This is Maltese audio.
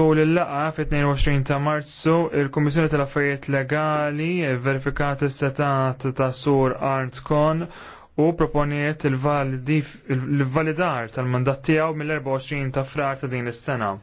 U l-laqa fit-22 ta' marzu, il komissjoni tal-Affarijiet Legali verifikat is-setat ta' sur Arnt Kon u proponiet il-validar tal-mandat tiegħu mill-24 ta' frar ta' din is-sena.